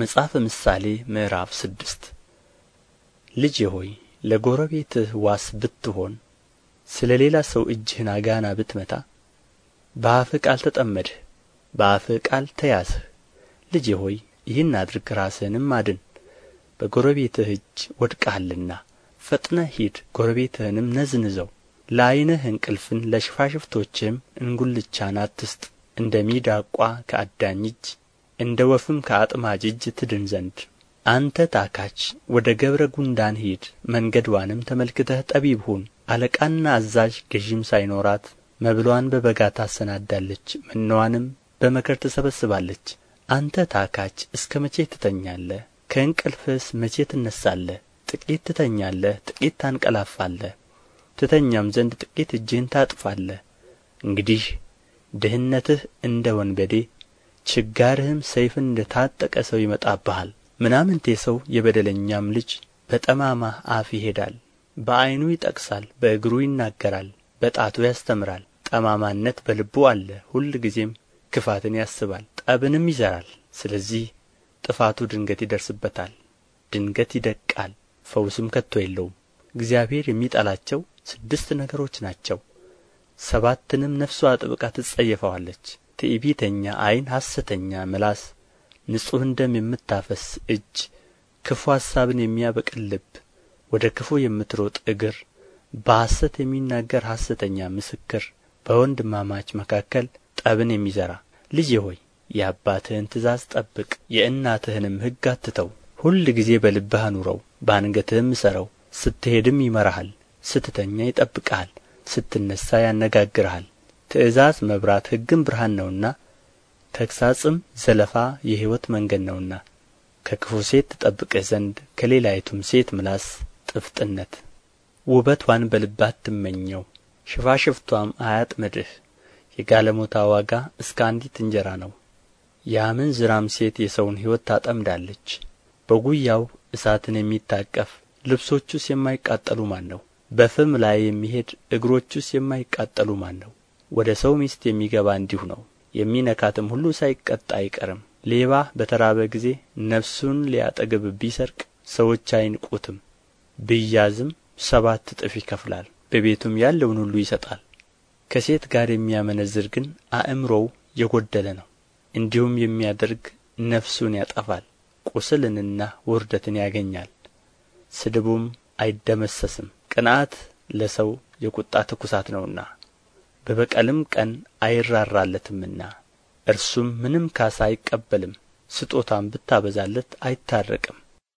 መጽሐፈ ምሳሌ ምዕራፍ ስድስት ልጄ ሆይ ለጎረቤትህ ዋስ ብትሆን ስለ ሌላ ሰው እጅህን አጋና ብትመታ በአፍህ ቃል ተጠመድህ በአፍህ ቃል ተያዝህ ልጄ ሆይ ይህን አድርግ ራስህንም አድን በጎረቤትህ እጅ ወድቀሃልና ፈጥነህ ሂድ ጎረቤትህንም ነዝንዘው ለዓይንህ እንቅልፍን ለሽፋሽፍቶችህም እንጕልቻን አትስጥ እንደ ሚዳቋ ከአዳኝ እጅ እንደ ወፍም ከአጥማጅ እጅ ትድን ዘንድ አንተ ታካች ወደ ገብረ ጉንዳን ሂድ መንገድዋንም ተመልክተህ ጠቢብ ሁን አለቃና አዛዥ ገዥም ሳይኖራት መብሏን በበጋ ታሰናዳለች መኖዋንም በመከር ትሰበስባለች አንተ ታካች እስከ መቼ ትተኛለህ ከእንቅልፍስ መቼ ትነሳለ ጥቂት ትተኛለህ ጥቂት ታንቀላፋለህ ትተኛም ዘንድ ጥቂት እጅህን ታጥፋለህ እንግዲህ ድህነትህ እንደ ወንበዴ ችጋርህም ሰይፍን እንደ ታጠቀ ሰው ይመጣብሃል ምናምንቴ ሰው የበደለኛም ልጅ በጠማማ አፍ ይሄዳል በዓይኑ ይጠቅሳል በእግሩ ይናገራል በጣቱ ያስተምራል ጠማማነት በልቡ አለ ጊዜም ክፋትን ያስባል ጠብንም ይዘራል ስለዚህ ጥፋቱ ድንገት ይደርስበታል ድንገት ይደቃል ፈውስም ከቶ የለውም እግዚአብሔር የሚጠላቸው ስድስት ነገሮች ናቸው ሰባትንም ነፍሱ አጥብቃ ትጸየፈዋለች ትዕቢተኛ ዓይን ሐሰተኛ ምላስ ንጹሕን ደም የምታፈስ እጅ ክፉ ሐሳብን የሚያበቅል ልብ ወደ ክፉ የምትሮጥ እግር በሐሰት የሚናገር ሐሰተኛ ምስክር በወንድማማች መካከል ጠብን የሚዘራ ልጄ ሆይ የአባትህን ትእዛዝ ጠብቅ የእናትህንም ሕግ አትተው ሁል ጊዜ በልብህ አኑረው በአንገትህም እሰረው ስትሄድም ይመራሃል ስትተኛ ይጠብቅሃል ስትነሣ ያነጋግርሃል ትእዛዝ መብራት ሕግም ብርሃን ነውና ተግሣጽም ዘለፋ የሕይወት መንገድ ነውና ከክፉ ሴት ትጠብቅህ ዘንድ ከሌላይቱም ሴት ምላስ ጥፍጥነት ውበቷን በልባት ትመኘው ሽፋሽፍቷም አያጥምድህ የጋለሞታ ዋጋ እስከ አንዲት እንጀራ ነው የአመንዝራም ሴት የሰውን ሕይወት ታጠምዳለች በጉያው እሳትን የሚታቀፍ ልብሶቹስ የማይቃጠሉ ማን ነው? በፍም ላይ የሚሄድ እግሮቹስ የማይቃጠሉ ማን ነው? ወደ ሰው ሚስት የሚገባ እንዲሁ ነው፣ የሚነካትም ሁሉ ሳይቀጣ አይቀርም። ሌባ በተራበ ጊዜ ነፍሱን ሊያጠግብ ቢሰርቅ ሰዎች አይንቁትም፣ ብያዝም ሰባት እጥፍ ይከፍላል፣ በቤቱም ያለውን ሁሉ ይሰጣል። ከሴት ጋር የሚያመነዝር ግን አእምሮው የጎደለ ነው፣ እንዲሁም የሚያደርግ ነፍሱን ያጠፋል፣ ቁስልንና ውርደትን ያገኛል፣ ስድቡም አይደመሰስም። ቅንዓት ለሰው የቁጣ ትኩሳት ነውና በበቀልም ቀን አይራራለትምና እርሱም ምንም ካሳ አይቀበልም ስጦታም ብታበዛለት አይታረቅም